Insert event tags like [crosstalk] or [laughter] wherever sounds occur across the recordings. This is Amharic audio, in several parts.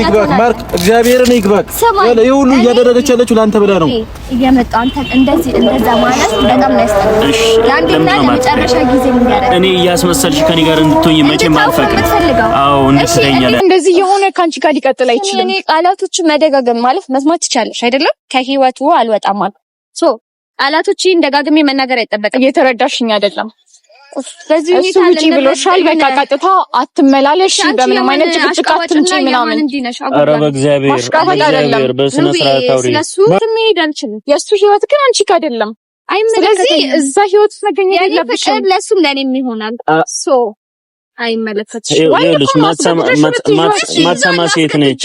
ይግባክ ማርክ፣ እግዚአብሔርን ይግባክ። ይሄ ሁሉ እያደረገች ያለችው ለአንተ ብላ ነው። እየመጣ አንተ እንደዚህ እንደዛ ማለት በጣም ያስጠላል። እሺ፣ ለአንዴና ለመጨረሻ ጊዜ እኔ እያስመሰልሽ ከኔ ጋር እንድትሆኝ መቼም አልፈቅድም። አዎ፣ እንደዚህ የሆነ ከአንቺ ጋር ሊቀጥል አይችልም። እኔ ቃላቶቹ መደጋገም ማለት መስማት ትቻለሽ አይደለም? ከህይወቱ አልወጣም ማለት ሶ ቃላቶቹ ደጋግሜ መናገር አይጠበቅም። እየተረዳሽኝ አይደለም በዚህ እሱ ውጪ ብሎሻል። በቃ ቀጥታ አትመላለሽ፣ በምንም አይነት ጭቅጭቅ አትምጪ ምናምን። ኧረ በእግዚአብሔር ስርዓት አይደለም። ስለሱ መሄድ አልችልም። የእሱ ህይወት ግን አንቺ ጋር አይደለም። ስለዚህ እዛ ህይወት መገኘት የለብሽም። ለእሱም ለእኔም ይሆናል። አይመለከትሽም። ማትሰማ ሴት ነች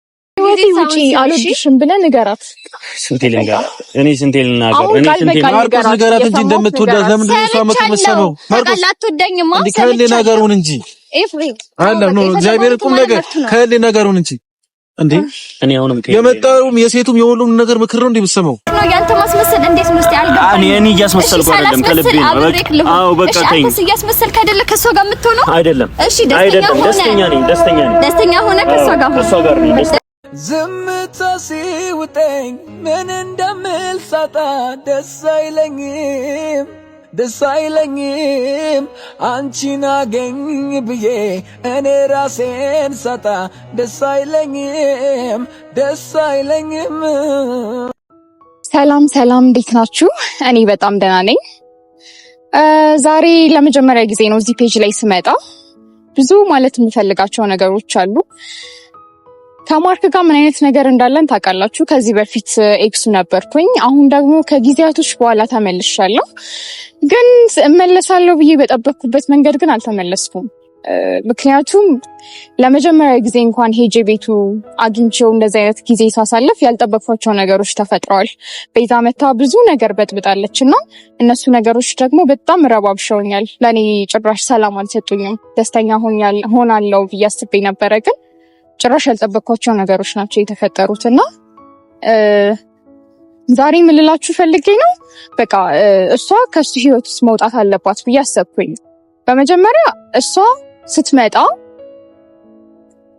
ከህይወቴ ውጪ አልወድሽም ብለህ ንገራት። ስንቴ ልንገራት? እኔ ስንቴ ልናገር? እኔ ስንቴ ማርቆስ ንገራት እንጂ እንደምትወዳት ለምንድን ነው እሷ የምትመሰለው? ማርቆስ አትወደኝማ። ከህሌ ነገሩን እንጂ ኤፍሬም አለ ነው እግዚአብሔር ቁም ነገር ከህሌ ነገሩን እንጂ እንዴ እኔ አሁንም የመጣውም የሴቱም የሁሉም ነገር ምክር ነው እንዴ የምትሰማው? ያንተ ማስመሰል እንዴት ነው እስቲ አልገባኝ። እኔ እኔ እያስመሰልኩ አይደለም ከልቤ ነው። በቃ አዎ በቃ ተይኝ። እሺ እያስመሰልክ አይደለ ከሷ ጋር የምትሆነው አይደለም። እሺ ደስተኛ ነኝ፣ ደስተኛ ነኝ። ደስተኛ ሆነ ከሷ ጋር ሆነ ዝምታ ሲውጠኝ ምን እንደምል ሳጣ ደስ አይለኝም ደስ አይለኝም አንቺን አገኝ ብዬ እኔ ራሴን ሳጣ ደስ አይለኝም ደስ አይለኝም። ሰላም ሰላም፣ እንዴት ናችሁ? እኔ በጣም ደህና ነኝ። ዛሬ ለመጀመሪያ ጊዜ ነው እዚህ ፔጅ ላይ ስመጣ። ብዙ ማለት የምፈልጋቸው ነገሮች አሉ ከማርክ ጋር ምን አይነት ነገር እንዳለን ታውቃላችሁ። ከዚህ በፊት ኤክሱ ነበርኩኝ። አሁን ደግሞ ከጊዜያቶች በኋላ ተመልሻለሁ። ግን እመለሳለሁ ብዬ በጠበቅኩበት መንገድ ግን አልተመለስኩም። ምክንያቱም ለመጀመሪያ ጊዜ እንኳን ሄጄ ቤቱ አግኝቼው እንደዚ አይነት ጊዜ ሳሳለፍ ያልጠበቅኳቸው ነገሮች ተፈጥረዋል። ቤዛ መታ ብዙ ነገር በጥብጣለች እና እነሱ ነገሮች ደግሞ በጣም ረባብሸውኛል። ለእኔ ጭራሽ ሰላም አልሰጡኝም። ደስተኛ ሆናለው ብዬ አስቤ ነበረ ግን ጭራሽ ያልጠበቅኳቸው ነገሮች ናቸው የተፈጠሩት እና ዛሬ የምልላችሁ ፈልጌ ነው። በቃ እሷ ከሱ ህይወት ውስጥ መውጣት አለባት ብዬ አሰብኩኝ። በመጀመሪያ እሷ ስትመጣ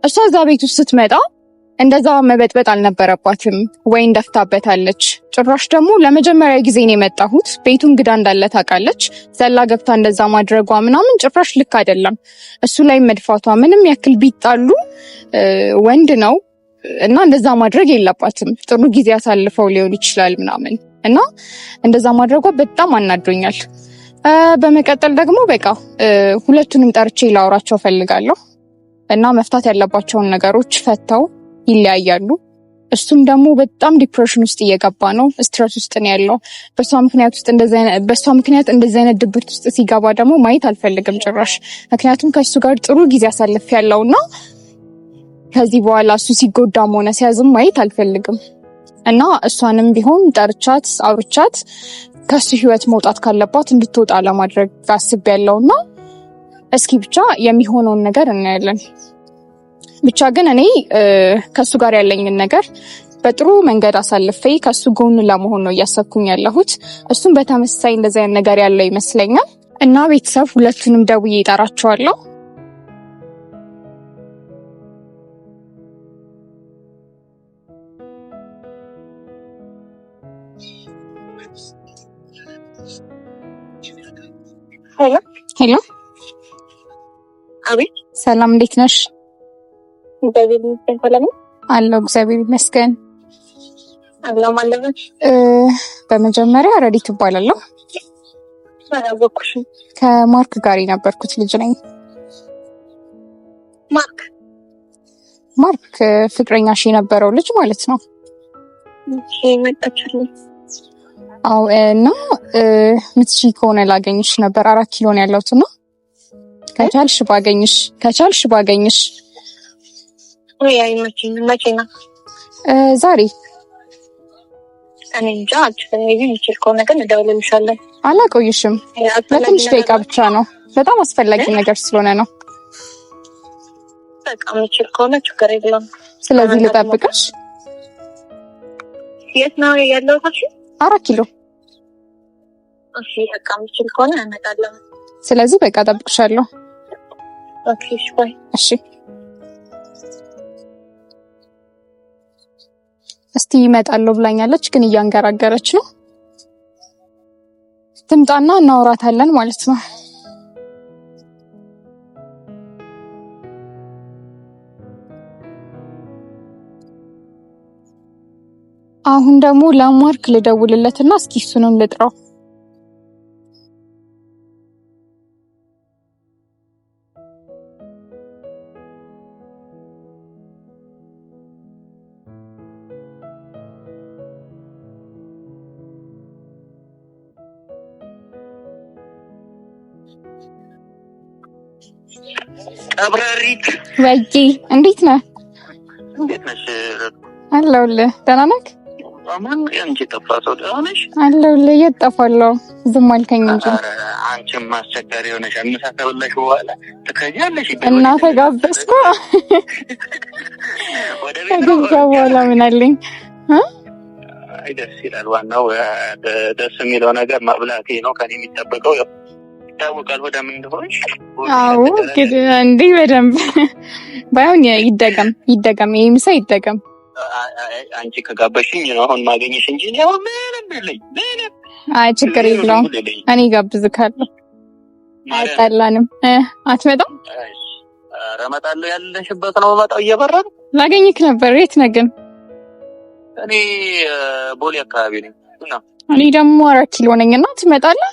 እሷ እዛ ቤት ውስጥ ስትመጣ እንደዛ መበጥበጥ አልነበረባትም ወይን ደፍታበታለች። ጭራሽ ደግሞ ለመጀመሪያ ጊዜ ነው የመጣሁት፣ ቤቱ እንግዳ እንዳለ ታውቃለች። ዘላ ገብታ እንደዛ ማድረጓ ምናምን ጭራሽ ልክ አይደለም። እሱ ላይ መድፋቷ ምንም ያክል ቢጣሉ ወንድ ነው እና እንደዛ ማድረግ የለባትም። ጥሩ ጊዜ አሳልፈው ሊሆን ይችላል ምናምን እና እንደዛ ማድረጓ በጣም አናዶኛል። በመቀጠል ደግሞ በቃ ሁለቱንም ጠርቼ ላውራቸው ፈልጋለሁ እና መፍታት ያለባቸውን ነገሮች ፈተው ይለያያሉ። እሱም ደግሞ በጣም ዲፕሬሽን ውስጥ እየገባ ነው። ስትረስ ውስጥ ነው ያለው። በእሷ ምክንያት ውስጥ በእሷ ምክንያት እንደዚህ አይነት ድብርት ውስጥ ሲገባ ደግሞ ማየት አልፈልግም ጭራሽ። ምክንያቱም ከእሱ ጋር ጥሩ ጊዜ አሳልፍ ያለውና ከዚህ በኋላ እሱ ሲጎዳም ሆነ ሲያዝም ማየት አልፈልግም እና እሷንም ቢሆን ጠርቻት አውርቻት ከሱ ህይወት መውጣት ካለባት እንድትወጣ ለማድረግ ያለውና እስኪ ብቻ የሚሆነውን ነገር እናያለን። ብቻ ግን እኔ ከሱ ጋር ያለኝን ነገር በጥሩ መንገድ አሳልፌ ከሱ ጎን ለመሆን ነው እያሰብኩኝ ያለሁት። እሱም በተመሳሳይ እንደዚ አይነት ነገር ያለው ይመስለኛል። እና ቤተሰብ ሁለቱንም ደውዬ ይጠራቸዋለሁ። ሄሎ ሄሎ፣ አቤት፣ ሰላም፣ እንዴት ነሽ? እግዚአብሔር ይመስገን። ሰላም አለው። እግዚአብሔር ይመስገን አለው ማለት ነው። በመጀመሪያ ረዲት እባላለሁ። አላወኩሽም። ከማርክ ጋር የነበርኩት ልጅ ነኝ። ማርክ ማርክ ፍቅረኛሽ የነበረው ልጅ ማለት ነው። አዎ እና ምትሺ ከሆነ ላገኝሽ ነበር። አራት ኪሎ ነው ያለሁት እና ከቻልሽ ባገኝሽ ከቻልሽ ባገኝሽ መቼ ነው? ዛሬ እኔ እንጃ ከሆነ ግን እደውልልሻለሁ። አላቆይሽም፣ ለትንሽ ደቂቃ ብቻ ነው። በጣም አስፈላጊ ነገር ስለሆነ ነው። በቃ የምችል ከሆነ ችግር የለውም። ስለዚህ ልጠብቅሽ። የት ነው ያለው? አራት ኪሎ። እሺ በቃ የምችል ከሆነ እመጣለሁ። ስለዚህ በቃ እጠብቅሻለሁ። እሺ እስቲ ይመጣለሁ ብላኛለች፣ ግን እያንገራገረች ነው። ትምጣና እናውራታለን ማለት ነው። አሁን ደግሞ ለማርክ ልደውልለትና እስኪ እሱንም ልጥራው። ቀብረሪት ወይዬ፣ እንዴት ነህ? እንዴት ነሽ? አለሁልህ። ደህና ነህ? አማን አንቺ ጠፋ ሰው ደህና ነሽ? አለሁልህ። የት ጠፋለሁ? ዝም አልከኝ እንጂ አንቺም አስቸጋሪ ሆነሽ ምሳ በኋላ ትከኛለሽ እና ተጋበዝኩ። ከግብዣ በኋላ ምን አለኝ? ደስ ይላል። ዋናው ደስ የሚለው ነገር መብላቴ ነው ከኔ የሚጠበቀው ይታወቃል። ሆዳም እንደሆነ። አዎ፣ እንዴ በደንብ [laughs] ባይሆን ይደገም ይደገም፣ ይሄ ምሳ ይደገም። አንቺ ከጋበሽኝ ነው አሁን ማገኘሽ እንጂ ያው ምንም የለኝ ምንም። አይ ችግር የለውም እኔ ጋብዝካለሁ። አይጣላንም። አትመጣም? ኧረ እመጣለሁ። ያለሽበት ነው መጣው እየበረን ላገኝክ ነበር። የት ነህ ግን? እኔ ቦሌ አካባቢ ነኝ። እኔ ደግሞ አራት ኪሎ ነኝና ትመጣለህ?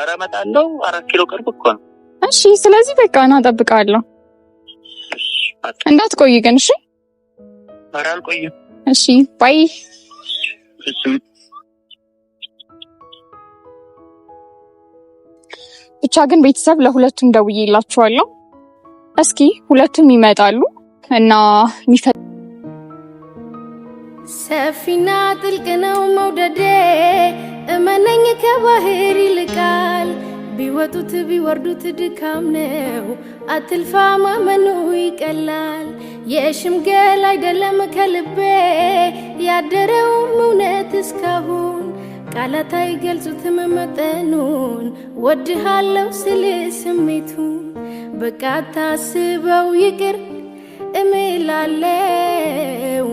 ኧረ እመጣለሁ። አራት ኪሎ ቅርብ እኮ ነው። እሺ፣ ስለዚህ በቃ ና እጠብቅሃለሁ። እንዳትቆይ ግን እሺ። አረ አልቆይም። እሺ፣ ባይ ብቻ ግን ቤተሰብ ለሁለቱም ደውዬላችኋለሁ። እስኪ ሁለቱም ይመጣሉ እና ሚፈ ሰፊና ጥልቅ ነው መውደዴ እመነኝ ከባህር ይልቃል። ቢወጡት ቢወርዱት ድካም ነው። አትልፋ ማመኑ ይቀላል። የሽምገል አይደለም ከልቤ ያደረውም እውነት እስካሁን ቃላት አይገልጹትም መጠኑን ወድሃለው ስል ስሜቱ በቃ ታስበው ይቅር እምላለው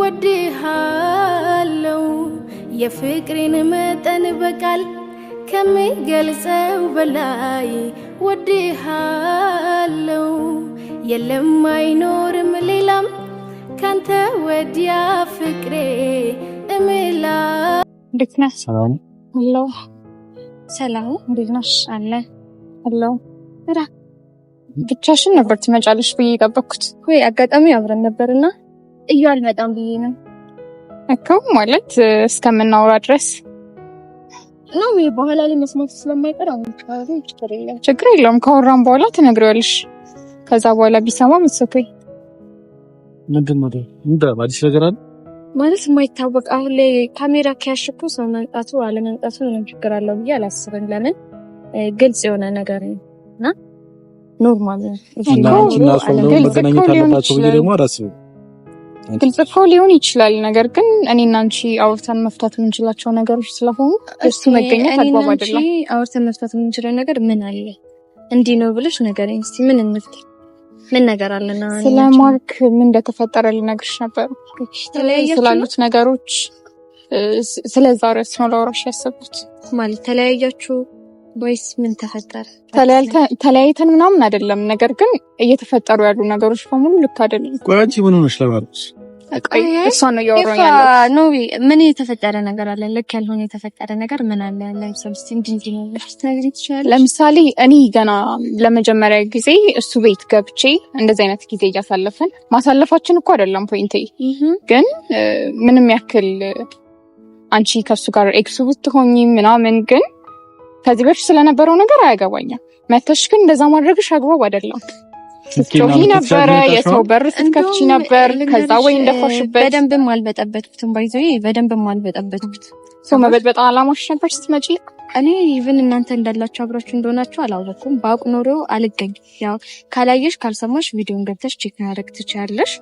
ወድሃለው የፍቅሬን መጠን በቃል ከምገልጸው በላይ ወድሃለው። የለም አይኖርም ሌላም ካንተ ወዲያ ፍቅሬ እምላ እንዴት ነህ? ሰላም አለው። ሰላም እንዴት ነሽ? አለ አለው። ራ ብቻሽን ነበር ትመጫለሽ ብዬ የጠበኩት። ወይ አጋጣሚ አብረን ነበርና እዩ አልመጣም ብዬ ነው እኮ ማለት እስከምናወራ ድረስ ነው። በኋላ ላይ መስማት ስለማይቀር አሁን ችግር የለውም። ካወራም በኋላ ትነግሪዋለሽ። ከዛ በኋላ ቢሰማ ምትሰኩኝ ምንድን ነው እንደ አዲስ ነገር አለ ማለት የማይታወቅ አሁን ላይ ካሜራ ከያሽኩ ሰው መምጣቱ አለመምጣቱ ምንም ችግር አለው ብዬ አላስብም። ለምን ግልጽ የሆነ ነገር ነው እና ኖርማል ነው። ግልጽ እኮ ሊሆን ይችላል። ግልጽ እኮ ሊሆን ይችላል። ነገር ግን እኔና አንቺ አውርተን መፍታት የምንችላቸው ነገሮች ስለሆኑ እሱ መገኘት አግባብ አይደለም። አውርተን መፍታት የምንችለው ነገር ምን አለ? እንዲህ ነው ብለሽ ንገረኝ እስኪ። ምን እንፍት? ምን ነገር አለና? ስለ ማርክ ምን እንደተፈጠረ ልነግርሽ ነበር። ስላሉት ነገሮች ስለዛ ርዕስ ነው ላወራሽ ያሰብኩት። ማለት ተለያያችሁ ወይስ ምን ተፈጠረ? ተለያይተን ምናምን አይደለም። ነገር ግን እየተፈጠሩ ያሉ ነገሮች በሙሉ ልክ አይደለም። ቆይ አንቺ ምን ሆነሽ ለማለት እሷ ነው እያወራሁ ያለው። ኖቢ ምን የተፈጠረ ነገር አለ? ልክ ያልሆነ የተፈጠረ ነገር ምን አለ? ለምሳሌ እኔ ገና ለመጀመሪያ ጊዜ እሱ ቤት ገብቼ እንደዚህ አይነት ጊዜ እያሳለፍን ማሳለፋችን እኮ አይደለም ፖይንቴ፣ ግን ምንም ያክል አንቺ ከሱ ጋር ኤክሱ ብትሆኝ ምናምን፣ ግን ከዚህ በፊት ስለነበረው ነገር አያገባኝም። መተሽ ግን እንደዛ ማድረግሽ አግባብ አይደለም። ስትጮሂ ነበረ። የሰው በር ስትከፍቺ ነበር። ከዛ ወይ እንደፋሽበት በደንብ አልበጠበጥኩትም። ባይዘ በደንብ አልበጠበጥኩት። ሰው መበጥበጣ አላማሽ ነበር ስትመጪ። እኔ ኢቭን እናንተ እንዳላችሁ አብራችሁ እንደሆናችሁ አላወቅኩም። በአውቅ ኖሮ አልገኝ። ያው ካላየሽ ካልሰማሽ ቪዲዮን ገብተሽ ቼክ ማድረግ ትችያለሽ።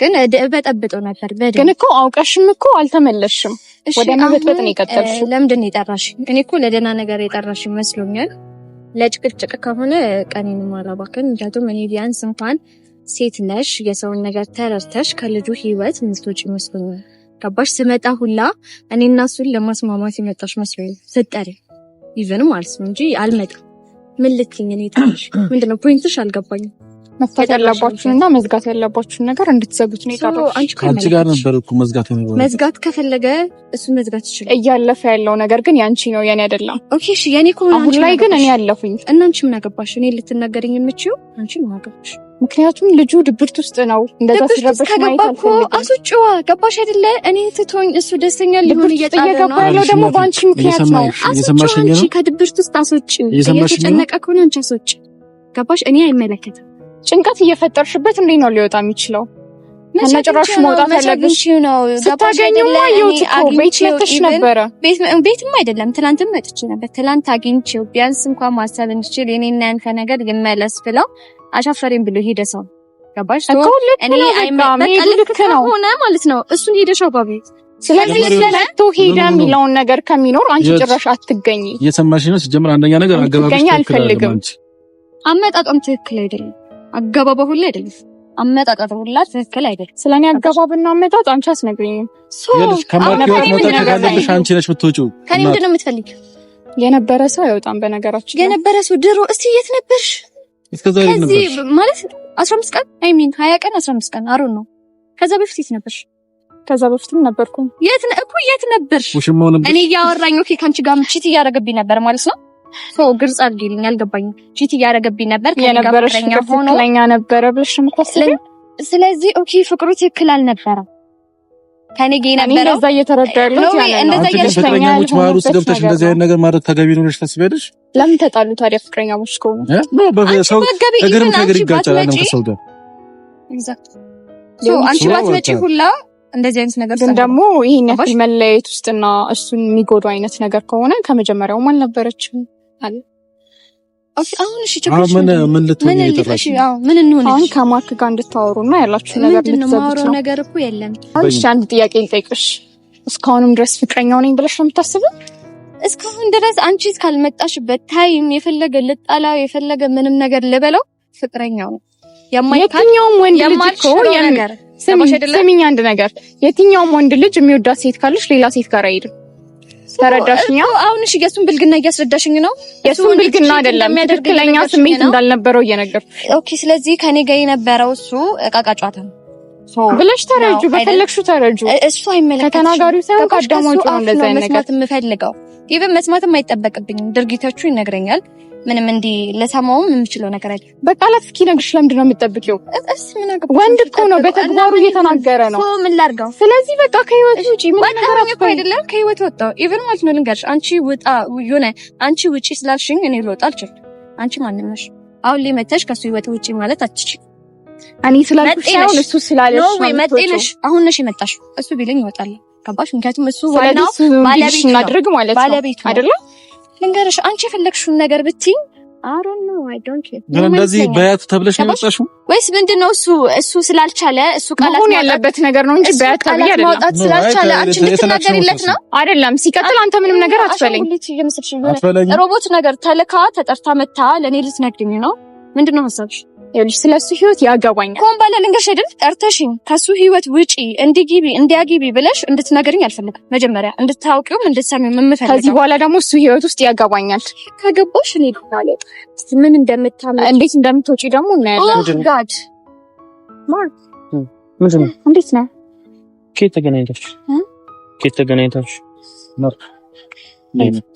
ግን በጠብጠው ነበር። ግን እኮ አውቀሽም እኮ አልተመለሽም። ወደ መበጥበጥ ነው የቀጠልሽው። ለምንድን ነው የጠራሽ? እኔ እኮ ለደህና ነገር የጠራሽ መስሎኛል። ለጭቅጭቅ ከሆነ ቀኔን ማላባከን። ምክንያቱም እኔ ቢያንስ እንኳን ሴት ነሽ የሰውን ነገር ተረድተሽ ከልጁ ህይወት ምትወጪ ይመስለኛል። ገባሽ? ስመጣ ሁላ እኔ እና እሱን ለማስማማት የመጣሽ መስሎ ስጠሪ ይዘን ማለት ነው እንጂ አልመጣም። ምን ልክኝ? እኔ ትንሽ ምንድነው ፖይንትሽ አልገባኝም። መፍታት ያለባችሁን እና መዝጋት ያለባችሁን ነገር እንድትዘጉት ነው የጠራሁት። ጋር ነበር እኮ መዝጋት የነበረው። መዝጋት ከፈለገ እሱ መዝጋት ይችላል። እያለፈ ያለው ነገር ግን ያንቺ ነው የኔ አይደለም። ኦኬ እሺ፣ የኔ እኮ አሁን ላይ ግን እኔ ያለፉኝ እና አንቺ ምን አገባሽ? እኔ ልትናገረኝ የምችው አንቺ ምን አገባሽ? ምክንያቱም ልጁ ድብርት ውስጥ ነው። እንደዛ ሲረበሽ ማየት አልፈልግም። አስወጪዋ ገባሽ አይደለ? እኔ ትቶኝ እሱ ደስተኛ ሊሆን እየጣለ ነው። ደግሞ በአንቺ ምክንያት ነው። አስወጪው፣ አንቺ ከድብርት ውስጥ አስወጪው። እየተጨነቀ ከሆነ አንቺ አስወጪው። ገባሽ? እኔ አይመለከትም ጭንቀት እየፈጠርሽበት እንዴት ነው ሊወጣ የሚችለው? እና ጭራሽ መውጣት ያለብሽ ነው። ስታገኝማ እየወጥኩ ቤት መጥተሽ ነበረ። ቤትም አይደለም ትላንትም መጥቼ ነበር። ትላንት አግኝቼው ቢያንስ እንኳን ማሰብ እንችል የኔና ያንተ ነገር ልመለስ ብለው አሻፈሬም ብሎ ሄደ። ሰው ገባሽ? እኔ ልክ ነው ሆነ ማለት ነው። እሱን ሄደሻው ባቤት ስለዚህ ስለመቶ ሄደ የሚለውን ነገር ከሚኖር አንቺ ጭራሽ አትገኝ። እየሰማሽ ነው። ሲጀምር አንደኛ ነገር አገባብሽ ትክክል አይደለም። አመጣጧም ትክክል አይደለም። አገባባ ሁሉ አይደለም፣ አመጣጣት ሁላ ትክክል አይደለም። ስለኔ አገባብና አመጣጥ አንቺ አስነግሪኝ። አንቺ ነሽ የምትወጪው። ከኔ ምንድን ነው የምትፈልጊው? የነበረ ሰው አይወጣም። በነገራችን የነበረ ሰው ድሮ እስቲ የት ነበርሽ? ከዚህ ማለት 15 ቀን አይ ሚን 20 ቀን 15 ቀን አሮ ነው። ከዛ በፊት የት ነበርሽ? ከዛ በፊትም ነበርኩ። የት እኮ የት ነበርሽ? እኔ እያወራኝ ኦኬ፣ ከአንቺ ጋር ምችት እያደረገብኝ ነበር ማለት ነው ሶ ግልጽ አድርጊልኝ፣ አልገባኝም። ቺት እያደረገብኝ ነበር ከነበረኛ ሆኖ ነበረ ብለሽ ምታስለኝ። ስለዚህ ኦኬ ፍቅሩ ትክክል አልነበረም። ከኔ ጌ ነበረ እንደዛ እየተረዳ ያለው እንደዛ ፍቅረኛሞች ባህል ውስጥ ገብተሽ እንደዚህ አይነት ነገር ማድረግ ተገቢ ነው ብለሽ ታስቢያለሽ? ለምን ተጣሉ ታዲያ? ፍቅረኛ ፍቅረኛሞች ከሆኑ በሰው እግርም ከእግር ይጋጫል። አለም ከሰው ጋር አንቺ ባትመጪ ሁላ እንደዚህ አይነት ነገር ግን ደግሞ ይህን ያክል መለያየት ውስጥና እሱን የሚጎዱ አይነት ነገር ከሆነ ከመጀመሪያውም አልነበረችም። አሁን ከማርክ ጋር እንድታወሩና ያላችሁ ነገር ነገር እኮ የለም። አንድ ጥያቄ ልጠይቅሽ። እስካሁንም ድረስ ፍቅረኛው ነኝ ብለሽ ነው የምታስበው? እስካሁን ድረስ አንቺ እስካልመጣሽበት ታይም የፈለገ ልጣላው የፈለገ ምንም ነገር ልበለው ፍቅረኛው ነው። የትኛውም ወንድ ልጅ ስሚኝ፣ አንድ ነገር የትኛውም ወንድ ልጅ የሚወዳት ሴት ካለች ሌላ ሴት ጋር አይሄድም። ተረዳሽኛ? አሁን እሺ፣ የእሱን ብልግና እያስረዳሽኝ ነው። የእሱን ብልግና አይደለም ትክክለኛ ስሜት እንዳልነበረው እየነገርኩ። ኦኬ፣ ስለዚህ ከኔ ጋር የነበረው እሱ እቃቃ ጨዋታ ነው ብለሽ ተረጁ፣ በፈለግሽው ተረጁ። እሱ አይመለከትሽም። ከተናጋሪው ሳይሆን ከአዳማጩ ነው እንደዛ አይነት ነገር መስማት የምፈልገው። ይሄ መስማትም አይጠበቅብኝም። ድርጊታችሁ ይነግረኛል። ምንም እንዲህ ለሰማውም የምችለው ነገር አይደለም። በቃላት እስኪነግርሽ ለምንድን ነው የምጠብቂው? እስ ምን አገባሽ? ወንድ እኮ ነው፣ በተግባሩ እየተናገረ ነው። ምን ላድርገው? ስለዚህ በቃ ከህይወት ውጪ ምን ነገር አጥቶ አይደለም ከህይወት ወጣው። ኢቨን ማለት ነው ልንገርሽ፣ አንቺ ወጣ የሆነ አንቺ ውጪ ስላልሽኝ እኔ ልወጣ አልችልም። አንቺ ማንም ነሽ? አሁን ላይ ከሱ ህይወት ውጪ ማለት አትችልም። እኔ ስላልኩሽ ሳይሆን እሱ ስላለሽ ነው። መጤ አሁን ነሽ የመጣሽ። እሱ ቢለኝ ይወጣል። ገባሽ? ምክንያቱም እሱ ዋናው ባለቤት ነው፣ ባለቤት አይደለም ልንገርሽ፣ አንቺ የፈለግሽውን ነገር ብትይ ግን እንደዚህ በያቱ ተብለሽ ነው ወይስ ምንድን ነው? እሱ እሱ ስላልቻለ እሱ ቃላት ያለበት ነገር ነው እንጂ በያት ተብዬ አይደለም። ማውጣት ስላልቻለ አንቺ እንድትናገሪለት ነው አይደለም። ሲቀጥል አንተ ምንም ነገር አትበለኝ፣ ሮቦት ነገር ተልካ ተጠርታ መታ ለእኔ ልትነግሪኝ ነው። ምንድን ነው ሀሳብሽ? ይኸውልሽ ስለ እሱ ህይወት ያገባኛል። ሆን ባለ ልንገርሽ አይደል ጠርተሽኝ ከሱ ህይወት ውጪ እንዲግቢ እንዲያግቢ ብለሽ እንድትነግርኝ አልፈልግም። መጀመሪያ እንድታውቂውም እንድትሰሚውም የምፈልገው ከዚህ በኋላ ደግሞ እሱ ህይወት ውስጥ ያገባኛል። ከገባሽ እኔ ማለት ምን እንደምታመ እንዴት እንደምትወጪ ደግሞ እናያለን። ጋድ ማርክ ምንድን ነው? እንዴት ነው? ከየት ተገናኝታችሁ? ከየት ተገናኝታችሁ? ማርክ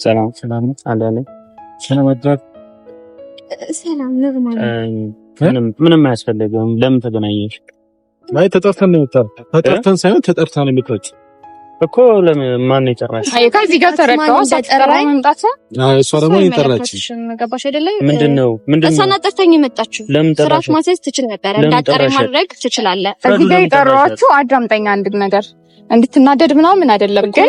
ሰላም ሰላም አለ አለ ሰላም አድራ ሰላም ኖርማል ምንም አያስፈልግም። ለምን ተገናኘሽ? አይ ተጠርተን ነው የምትጠራው። ተጠርተን ሳይሆን ተጠርታ ነው የምትወጪው እኮ። ለምን ማን የጠራሽ? አይ ከዚህ ጋር ተረካው ሳትጠራኝ አይ እሷ ገባሽ ምንድነው ምንድነው? እሷ ትችል ነበር። እንዳጠረ ማድረግ ትችላለህ። ጋር አዳምጠኝ አንድ ነገር እንድትናደድ ምናምን አይደለም፣ ግን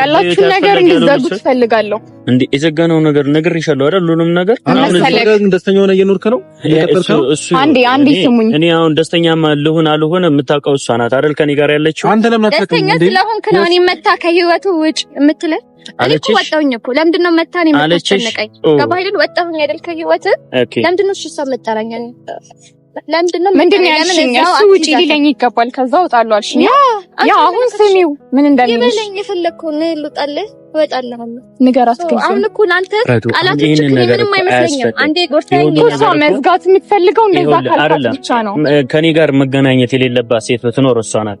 ያላችሁን ነገር እንድትዘጉ ትፈልጋለሁ። እንዴ የዘጋነው ነገር ነገር ይሻለው አይደል? ሁሉንም ነገር አሁን ደስተኛ ሆነ እየኖርከ ነው። አንዴ አንዴ ስሙኝ። እኔ አሁን ደስተኛ ልሆን አልሁን የምታውቀው እሷ ናት አይደል? ከኔ ጋር ያለችው አንተ ለምን አትፈቅም? ደስተኛ ስለሆንክ ነው እኔ መታ ከህይወቱ ውጭ የምትለኝ አለች ወጣሁኝ እኮ ለምንድን ነው መታ ነው የምታስጨንቀኝ? ገባህ አይደል? ወጣሁኝ አይደል ከህይወት ለምንድን ነው እሷ የምጠራኝ ለምንድነው ምንድነው ያልሽኝ? እሱ ውጪ ሊለኝ ይገባል። ከዛ እወጣለሁ አልሽኝ። ያ አሁን ስሚው ምን እንደሚልሽ ይበለኝ። የፈለግከውን ልውጣልህ እወጣለሁ። ንገራት ግን አሁን እኮ አንተ ቃላቶች ምንም አይመስለኝም። አንዴ ጎርታኝ እሷ መዝጋት የምትፈልገው እንደዛ ካልካት ብቻ ነው። ከኔ ጋር መገናኘት የሌለባት ሴት ብትኖር እሷ ናት።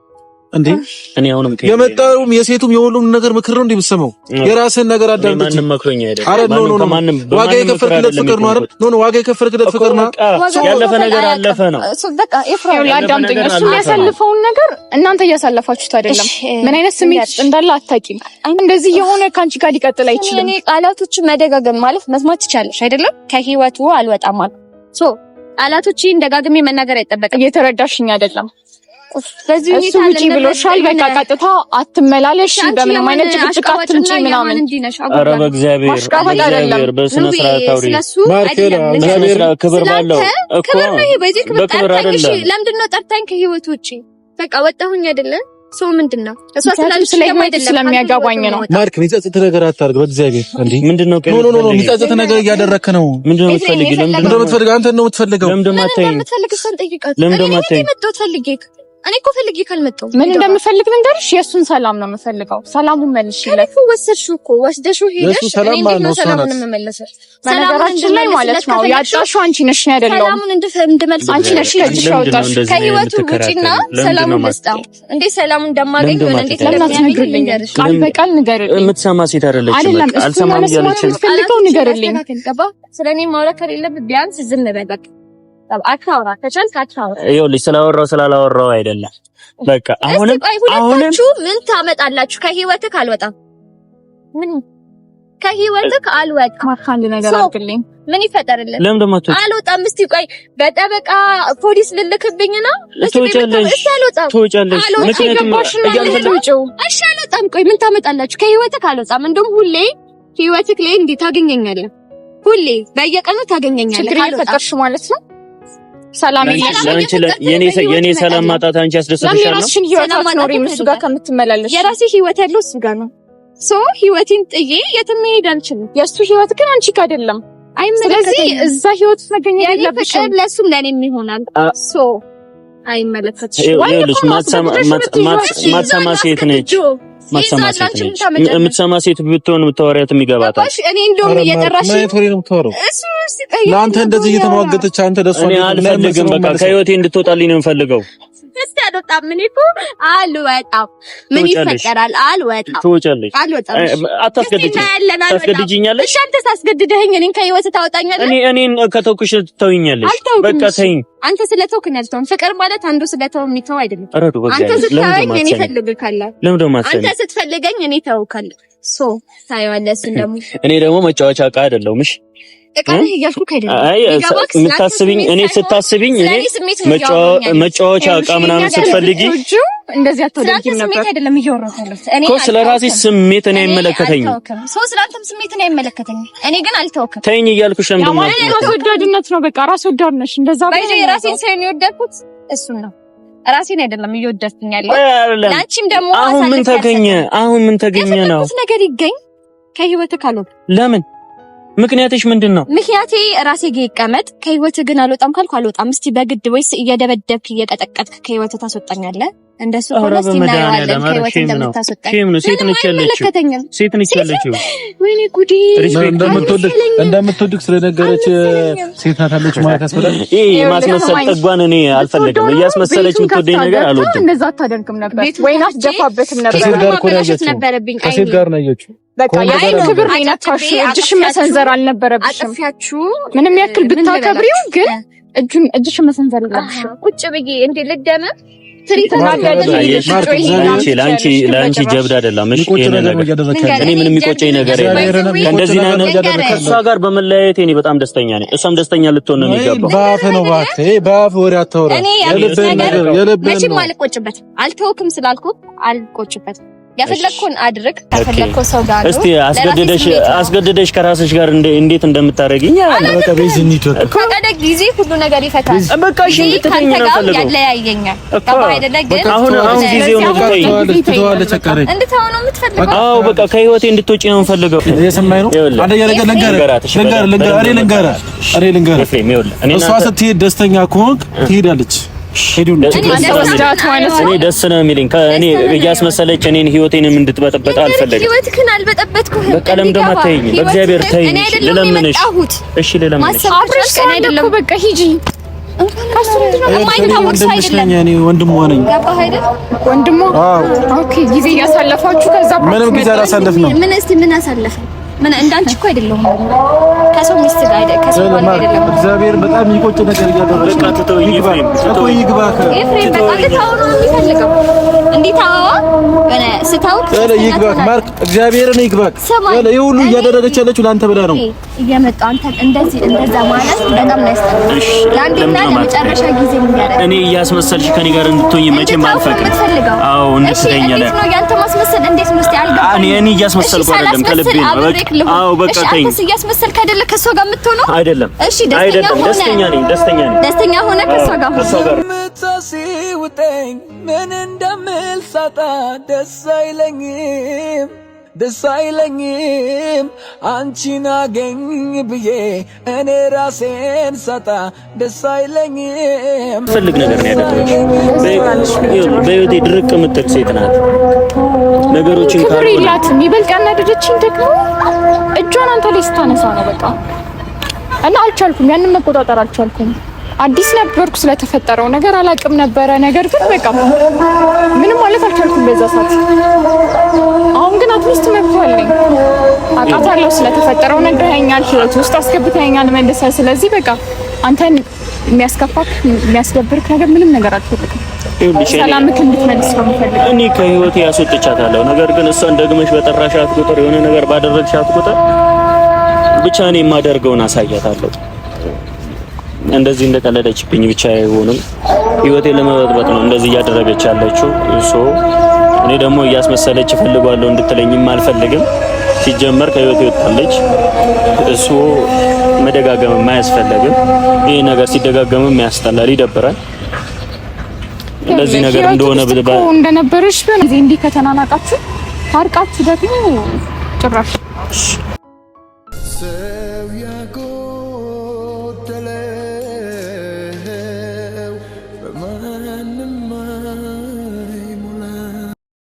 እንዴ እኔ አሁንም የመጣውም የሴቱም የሁሉም ነገር ምክር ነው የምትሰማው። የራስህን ነገር አዳምጥ። ማንም መክሮኝ ዋጋ የከፈልክለት ፍቅር ነው አይደል? ኖ ኖ፣ ዋጋ የከፈልክለት ፍቅር ነው። ያለፈ ነገር አለፈ ነው። በቃ ኤፍሬም አዳምጠኝ። እሱ የሚያሳልፈውን ነገር እናንተ እያሳለፋችሁት አይደለም። ምን አይነት ስሜት እንዳለ አታውቂም። እንደዚህ የሆነ ከአንቺ ጋር ሊቀጥል አይችልም። እኔ ቃላቶች መደጋገም ማለት መስማት ትቻለሽ አይደለም? ከህይወቱ አልወጣም ማለት ሶ ቃላቶች ደጋግሜ መናገር አይጠበቅም። እየተረዳሽኝ አይደለም እሱ ውጪ ብሎሻል። በቃ ቀጥታ አትመላለሽ፣ በምንም አይነት ጭቅጭቅ አትምጪ ምናምን። ኧረ በእግዚአብሔር በእግዚአብሔር፣ በስነ ስርዓት አውሪ። ክብር ባለው እኮ በክብር አይደለም። ለምንድን ነው ጠርታኝ ከህይወት ውጪ? በቃ ወጣሁኝ አይደለም ሰው ምንድን ነው እሷ ስለሚያጋባኝ ነው። ማርክ የሚጸጽት ነገር አታርግ። በእግዚአብሔር እንዴ! ምንድን ነው ነገር እያደረክ ነው። ምንድን ነው የምትፈልጊው? እኔ እኮ ፈልጌ ካልመጣሁ ምን እንደምፈልግ ልንገርሽ፣ የእሱን ሰላም ነው የምፈልገው። ሰላሙን መልሽለት። እኮ ወሰድሽው እኮ ወስደሽው ሄደሽ ሰላሙን የምመለሰው በነገራችን ላይ ማለት ነው ያጣሽው አንቺ ነሽ አይደለም። ሰላሙን እንድመልስ አንቺ ነሽ ከእጅሽ ያወጣሽ። ከህይወቱ ውጪና ሰላሙን ልስጣው። እንዴ? ሰላሙን እንደማገኝ ሆነ እንዴት እንደሚያገኝ ቃል በቃል ንገርልኝ። የምትሰማ ሴት አይደለችም። አልሰማም እያለች ነው። ፈልገው ንገርልኝ። ስለኔ ማውራት ከሌለብህ ቢያንስ ዝም በል በቃ አታውራ ከቻልክ ይኸውልሽ ስላወራው ስላላወራው አይደለም። በቃ አሁንም ሁለታችሁ ምን ታመጣላችሁ? ከህይወትህ አልወጣም። ምን ከህይወትህ አልወጣም። አንድ ነገር አድርግልኝ። ምን ይፈጠርልን? ለምን ደማቱ አልወጣም። እስቲ ቆይ በጠበቃ ፖሊስ ልልክብኝ ነው። ትወጫለሽ፣ ትወጫለሽ። ምክንያቱም እሺ አልወጣም። ቆይ ምን ታመጣላችሁ? ከህይወትህ አልወጣም። እንደውም ሁሌ ህይወትህ ላይ እንዲህ ታገኘኛለህ። ሁሌ በየቀኑ ታገኘኛለህ። ችግር የፈጠርሽ ማለት ነው የኔ ሰላም ማጣት አንቺ ያስደሰተሻል ነው? የራስሽን ህይወት እሱ ጋር ከምትመላለሽ የራሴ ህይወት ያለው እሱ ጋር ነው። ሶ ህይወቴን ጥዬ የትም መሄድ አልችልም። የእሱ ህይወት ግን አንቺ ጋር አይደለም። ስለዚህ እዛ ህይወት መገኘት የለብሽም። ለእሱም ለእኔም ይሆናል። ሶ አይመለከትሽም። ማትሰማ ሴት ነች የምትሰማ ሴት ብትሆን የምታወሪያት የሚገባታል። እኔ እንደውም እየጠራሽ እንደዚህ አንተ ደስ እኔ አልፈልግም። በቃ ከህይወቴ እንድትወጣልኝ ነው የምፈልገው። እስቲ አልወጣም። እኔ እኮ አልወጣም። ምን ይፈጠራል? አልወጣም። ትወጫለሽ። እሺ፣ ታወጣኛለሽ። እኔ ከተውኩሽ በቃ አንተ ስለተውክ እኔ አልተውም። ፍቅር ማለት አንዱ ስለተው የሚተው አይደለም። አንተ ስትተወኝ እኔ እፈልግካለሁ። አንተ ስትፈልገኝ እኔ እተውካለሁ። ሶ ታየዋለህ። እሱን ደግሞ [laughs] እኔ ደግሞ መጫወቻ ዕቃ አይደለሁም። እሺ ዕቃ ነህ እያልኩህ አይ የምታስቢኝ እኔ ስታስቢኝ እኔ መጫወቻ ዕቃ ምናምን ስትፈልጊ እንደዚህ አትወደኝም ነበር። አይደለም እያወራሁ ያለሁት እኔ እኮ ስለ ራሴ ስሜት እኔ አይመለከተኝም። ሰው ስለ አንተም ስሜት እኔ አይመለከተኝም። እኔ ግን አልተወከም። ተይኝ እያልኩሽ ለምንድን ነው ራስ ወዳድነት ነው። በቃ ራስ ወዳድ ነሽ። እንደዛ ባይዘ ራሴን ሳይሆን የወደድኩት እሱን ነው ራሴን አይደለም እየወደድኩኝ ያለው። ለአንቺም ደግሞ አሁን ምን ተገኘ? አሁን ምን ተገኘ ነው ነገር ይገኝ ከህይወት ካልሆነ ለምን ምክንያትሽ ምንድን ነው? ምክንያቴ ራሴ ጋ ይቀመጥ። ከህይወት ግን አልወጣም ካልኩ አልወጣም። እስቲ በግድ ወይስ እየደበደብክ እየቀጠቀጥክ ከህይወት ታስወጣኛለህ? እንደሱ ሆነ ሲናያለን ከህይወት እንደምታስወጣኝ ሴት ነች ያለችው ሴት ነች ያለችው። ወይኔ ጉዴ! እንደምትወድቅ ስለነገረች ሴት ናት አለች ማለት ያስፈልጋል። ይሄ እኔ አልፈልግም። እያስመሰለች የምትወደኝ ነገር አልወድም። እንደዛ አታደርግም ነበር ወይና አትደፋበትም ነበር። ከሴት ጋር ነው ያየችው። በቃ የአይን ክብር ነካሽ። እጅሽን መሰንዘር አልነበረብሽም። ምንም ያክል ብታከብሪው ግን እጅሽን መሰንዘር ቁጭ ብዬ እንዴ ልደምም ለአንቺ ጀብድ አይደለም። እኔ ምንም የሚቆጨኝ ነገር ከእንደዚህ ከእሷ ጋር በመለያየቴ እኔ በጣም ደስተኛ ነኝ። እሷም ደስተኛ ልትሆን ነው የሚገባው። በአፍ ነው እባክህ፣ በአፍ ወሬ አታውራ። መቼም አልቆጭበትም። አልተወክም ስላልኩ አልቆጭበትም። ያፈለግኩን አድርግ ያፈለግከው ሰው ጋር እስቲ አስገደደሽ አስገደደሽ ከራስሽ ጋር እንዴት እንደምታረጊኝ ፈቀደ ጊዜ ሁሉ ነገር ይፈታል። በቃ አይደለ ግን አሁን አሁን ነው ነው የምትፈልገው? በቃ ከህይወቴ እንድትወጪ ነው የምፈልገው። ነው። እሷ ስትሄድ ደስተኛ ከሆንክ ትሄዳለች እኔ ደስ ነው የሚለኝ ከእኔ እያስመሰለች እኔን ህይወቴንም እንድትበጠበጥ አልፈለግም። ህይወትህን አልበጠበጥኩህ። በቃ ለምን ደግሞ አታይኝም? በእግዚአብሔር ተይኝ፣ ልለምንሽ። እሺ ልለምንሽ። አብረሽ ከእኔ አይደለም በቃ ሂጂ። ወንድሟ ነኝ። ወንድሟ ኦኬ። ጊዜ እያሳለፋችሁ ከዛ ምንም ጊዜ ነው ምን እስቲ ምን አሳለፍን ምን እንዳንቺ እኮ አይደለሁም። ከሰው ሚስት ጋር አይደለም፣ ከሰው ጋር አይደለም። እግዚአብሔር በጣም ይቆጭ ነገር ነው። ነው የሚፈልገው። ይግባክ፣ ማርክ እግዚአብሔርን ይግባክ። ይሄ ሁሉ እያደረገች ያለችው ለአንተ ብላ ነው አንተ እንደዚህ እንደዛ ማለት ጊዜ እኔ እያስመሰልሽ ከኔ ጋር እንድትሆኝ መቼም አልፈቅድም። ነው ያንተ ማስመሰል? እንዴት እኔ እያስመሰልኩ አይደለም ከልቤ ነው በቃ ልሁን። አዎ በቃ ተይኝ። አንተስ እያስመሰልክ አይደለ ከእሷ ጋር የምትሆነው? አይደለም። እሺ ደስተኛ ደስተኛ ነኝ፣ ደስተኛ ነኝ። ደስተኛ ሆነ ከእሷ ጋር ሁን። ሲውጠኝ ምን እንደምል ሳጣ ደስ አይለኝም። ደስ አይለኝም አንቺን አገኝ ብዬ እኔ ራሴን ሳጣ ደስ አይለኝም። ፈልግ ነገር ነው በህይወቴ ድርቅ የምትል ሴት ናት። ነገሮችን ክብር የላትም። ይበልጥ ያናደደችኝ ደግሞ እጇን አንተ ላይ ስታነሳ ነው። በቃ እና አልቻልኩም፣ ያንን መቆጣጠር አልቻልኩም። አዲስ ነበርኩ ስለተፈጠረው ነገር አላውቅም ነበረ። ነገር ግን በቃ ምንም ማለት አልቻልኩም በዛ ሰዓት። አሁን ግን አትሊስት መብት አውቃታለሁ ስለተፈጠረው ነግረኸኛል፣ ህይወት ውስጥ አስገብተኸኛል መልሰህ። ስለዚህ በቃ አንተን የሚያስከፋክ የሚያስደብርክ ነገር ምንም ነገር አልፈልግም። ሰላምክ እንድትመልስ እኔ ከህይወቴ ያስወጥቻታለሁ። ነገር ግን እሷን ደግመሽ በጠራሻት ቁጥር፣ የሆነ ነገር ባደረግሻት ቁጥር ብቻ እኔ የማደርገውን አሳያታለሁ። እንደዚህ እንደቀለደችብኝ ብቻ አይሆንም። ህይወቴ ለመበጥበጥ ነው እንደዚህ እያደረገች ያለችው። ሶ እኔ ደግሞ እያስመሰለች እፈልጓለሁ እንድትለኝም አልፈልግም። ሲጀመር ከህይወት ወጣለች። እሱ መደጋገምም አያስፈለግም። ይህ ነገር ሲደጋገምም ያስጠላል፣ ይደብራል። እንደዚህ ነገር እንደሆነ ብልባ እንደነበረሽ እንዲህ ከተናናቃችሁ ታርቃችሁ ደግሞ ጭራሽ